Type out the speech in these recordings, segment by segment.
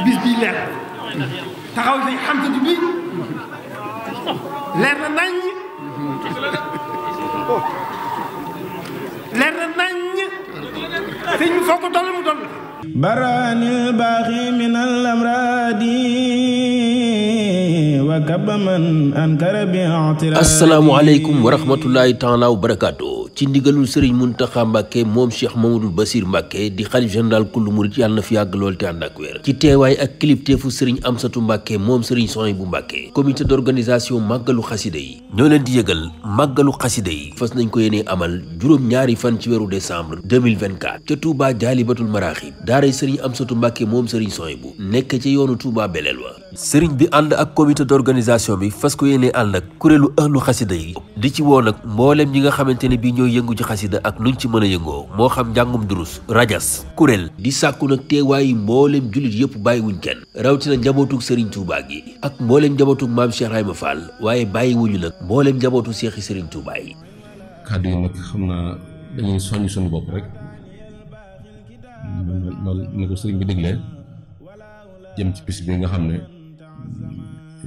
bis bii leer taxaw si xamsatu bi leer na nañ leer na nañ te ñu foog ko toll mu toll. baraani baaxi min al amraadi wa kaba man ankara bi asalaamaaleykum wa rahmatulahi taala wa barakaatu. ci ndigalul sëriñ Muntaxa Mbàkke moom Cheikh Mamadou Bassir Mbàkke di xalif général kullu murit yàlla fi yàgg lool te ànd ak wér ci teewaay ak kilifteefu sëriñ Amsatu Mbàkke moom sëriñ Soy bu Mbàkke comité d'organisation màggalu xasida yi ñoo leen di yëgal màggalu xasida yi fas nañ ko yéene amal juróom ñaari fan ci weeru décembre 2024 ca Touba Jaalibatul Maraaxib daaray sëriñ Amsatu Mbàkke moom sëriñ Soy bu nekk ci yoonu Touba Beleel wa sëriñ bi ànd ko yéene ànd ak kuréelu ahlu xasida yi di ci woon ak mboolem ñi nga xamante ne yëngu ci xasida ak nuñ ci mën a yëngoo moo xam njàngum durus rajas kuréel di sàkku nag teewaayi mbooleem jullit yëpp bàyyiwuñ kenn rawatina njabootug sëriñ Tuubaa ak mbooleem njabootug maam Cheikh Ibrahima Fall waaye bàyyiwuñu nag mbooleem njabootu seexi sëriñ Tuubaa yi kàddu yi nag xam naa dañuy soññ suñu bopp rek ni ko sëriñ bi déglee jëm ci bis bi nga xam ne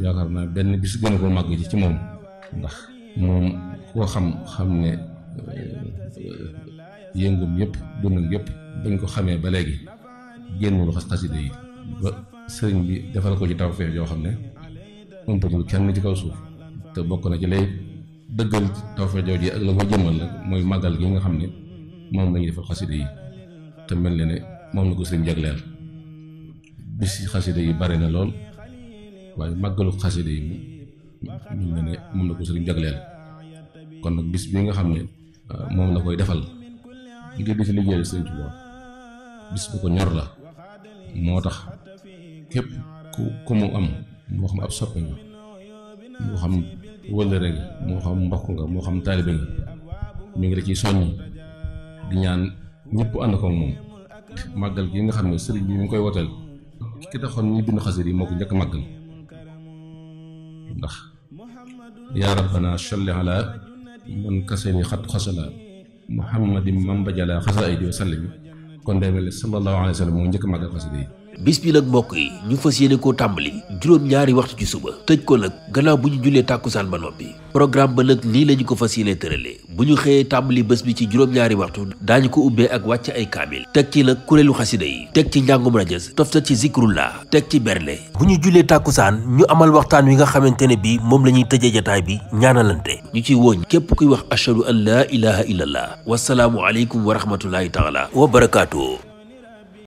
yaakaar naa benn bis gën a ko màgg ci ci moom ndax moom koo xam xam ne Euh, yëngum yëpp dundam yépp bañ ko xamee ba léegi génnul xas-xasida yi ba sëriñ bi defal ko ci tawfeex yoo xam ne umpañul kenn ci kaw suuf te bokk na ci lay dëggal tawfeex joo ak la ko jëmmal nag mooy màggal gi nga xam ne moom la ñuy defal xasida yi te mel na ne moom la ko sëriñ jagleel bis xasida yi bari na lool waaye màggalu xasida yi mu na ne moom la ko sëriñ jagleel kon bis bi nga xam ne Euh, moom la koy defal liggéey bi fi liggéeyal sëñ Tuubaa bis bu ko ñor la moo tax képp ku ku mu am moo xam ab soppe nga moo xam wëllëre nga moo xam mbokk nga moo xam taalibe nga mi ngi la ciy soññ di ñaan ñëpp ànd ko moom màggal gi nga xam ne sëriñ bi mi ngi koy woteel ki taxoon ñu bind xasida yi moo ko njëkk màggal ndax yaa rabbana salli ala mun kasani xat xasala muhammadin mambajala xasa ay di wa sallim kon day mel ne sallallahu alayhi wa sallam moo njëkk màggal xasida yi bis bi mbokk yi ñu fas yéene koo tàmbali juróom-ñaari waxtu ci suba tëj ko nag gannaaw bu ñu jullee tàkkusaan ba noppi programme ba nag nii lañu ko fas yéene tëralee bu ñu xëyee tàmbali bés bi ci juróom-ñaari waxtu daañu ko ubbee ak wàcc ay kaamil teg ci nag kuréelu xasida yi teg ci njàngum rajas toftal ci zikrullah teg ci berle bu ñu jullee tàkkusaan ñu amal waxtaan wi nga xamante ne bi moom la ñuy tëjee jataay bi ñaanalante ñu ci woñ képp kuy wax ashhadu an laa ilaha illallah wasalaamu aleykum wa rahmatullahi taala wa barakaatu